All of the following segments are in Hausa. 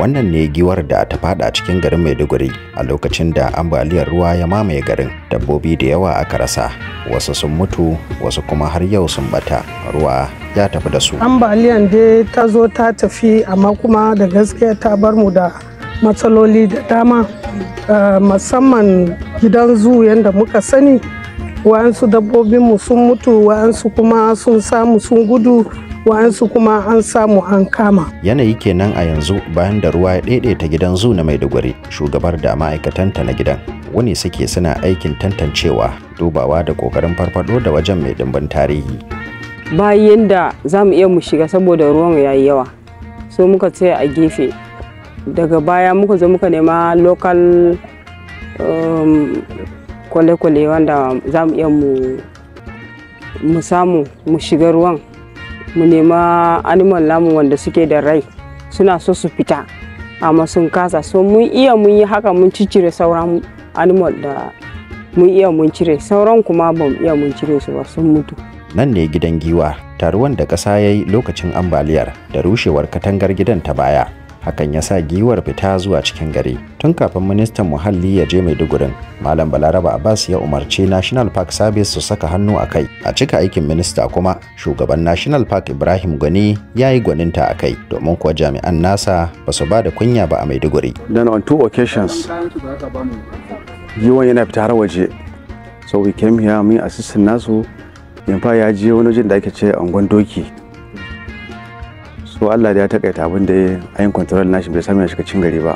wannan ne giwar da ta fada cikin garin maiduguri a lokacin da ambaliyar ruwa ya mamaye garin dabbobi da yawa aka rasa wasu sun mutu wasu kuma har yau sun bata ruwa ya tafi da su ambaliyan dai ta zo ta tafi amma kuma da gaskiya ta bar mu da matsaloli da dama eh, musamman gidan zu yadda muka sani wa'ansu dabbobinmu sun mutu wa'ansu kuma sun samu sun gudu wa'ansu kuma an samu an kama. Yanayi kenan a yanzu bayan da ruwa ya daidaita gidan zu na Maiduguri, shugabar da ma'aikatanta na gidan. Wani suke suna aikin tantancewa, dubawa da kokarin farfaɗo da wajen mai dimbin tarihi. Bayan da za mu iya mu shiga saboda ruwan ya yi yawa, so muka tsaya a gefe. Daga baya muka zo muka nema local um, kwale-kwale wanda za mu iya mu samu mu shiga ruwan mu nema animal namu wanda suke da rai suna so su fita amma sun kasa so mun iya mun yi haka mun cicire sauran animal da mun iya mun cire sauran kuma ba mu iya mun cire su ba sun mutu nan ne gidan giwa taruwan da ƙasa ya yi lokacin ambaliyar da rushewar katangar gidan ta baya hakan ya sa giwar fita zuwa cikin gari tun kafin ministan muhalli ya je maidugurin malam balaraba abbas ya umarci national park service su saka hannu a kai a cika aikin minista kuma shugaban national park ibrahim gwani ya yi gwaninta a kai domin kuwa jami'an nasa ba su ba da kunya ba a maiduguri then on two occasions giwon yana fita har waje so we came here mun assistant nasu yamfa ya je wani jin da ake ce angon doki so Allah da ya takaita abin da ya ayin control nashi bai sami ya shiga cin gari ba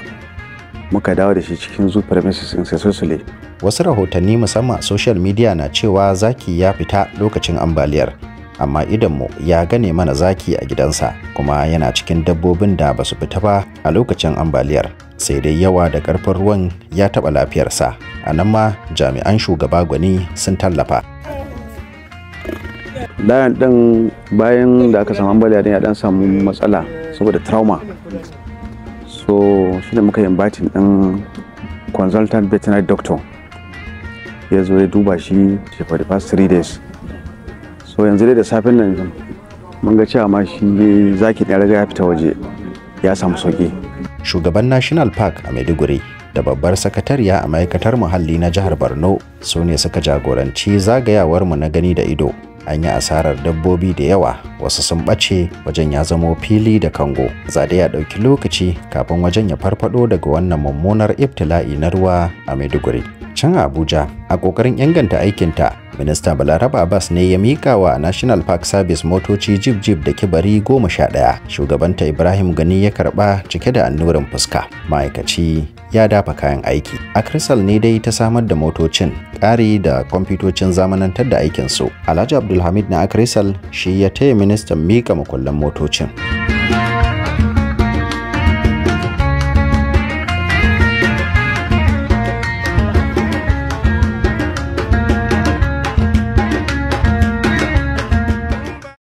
muka dawo da shi cikin zu premises in sesosule wasu rahotanni musamman a social media na cewa zaki ya fita lokacin ambaliyar amma idonmu ya gane mana zaki a gidansa kuma yana cikin dabbobin da ba su fita ba a lokacin ambaliyar sai dai yawa da karfin ruwan ya taɓa lafiyarsa a nan ma jami'an shugaba gwani sun tallafa Dayan ɗin bayan da aka samu ambaliya ya dan samu matsala saboda trauma. So shi ne muka yi batin ɗin consultant veterinary doctor. Ya zo ya duba shi for the past three days. So yanzu dai da safen nan mun ga cewa ma shi zaki ya riga ya fita waje ya samu sauki. Shugaban National Park a Maiduguri da babbar sakatariya a ma'aikatar muhalli na jihar Borno sune ne suka jagoranci zagayawarmu na gani da ido an yi asarar dabbobi da yawa wasu sun ɓace wajen ya zamo fili da kango zade ya ɗauki lokaci kafin wajen ya farfado daga wannan mummunar ibtila'i na ruwa a maiduguri can Abuja a ƙoƙarin inganta aikinta. Minista Balaraba Abbas ne ya mika wa National Park Service motoci jib jib da kibari goma sha ɗaya. Shugabanta Ibrahim Gani ya karɓa cike da annurin fuska. Ma'aikaci ya dafa kayan aiki. Akrisal ne dai ta samar da motocin, ƙari da kwamfutocin zamanantar da aikinsu. Alhaji Abdulhamid na Akrisal shi ya taya ministan mika makullan motocin.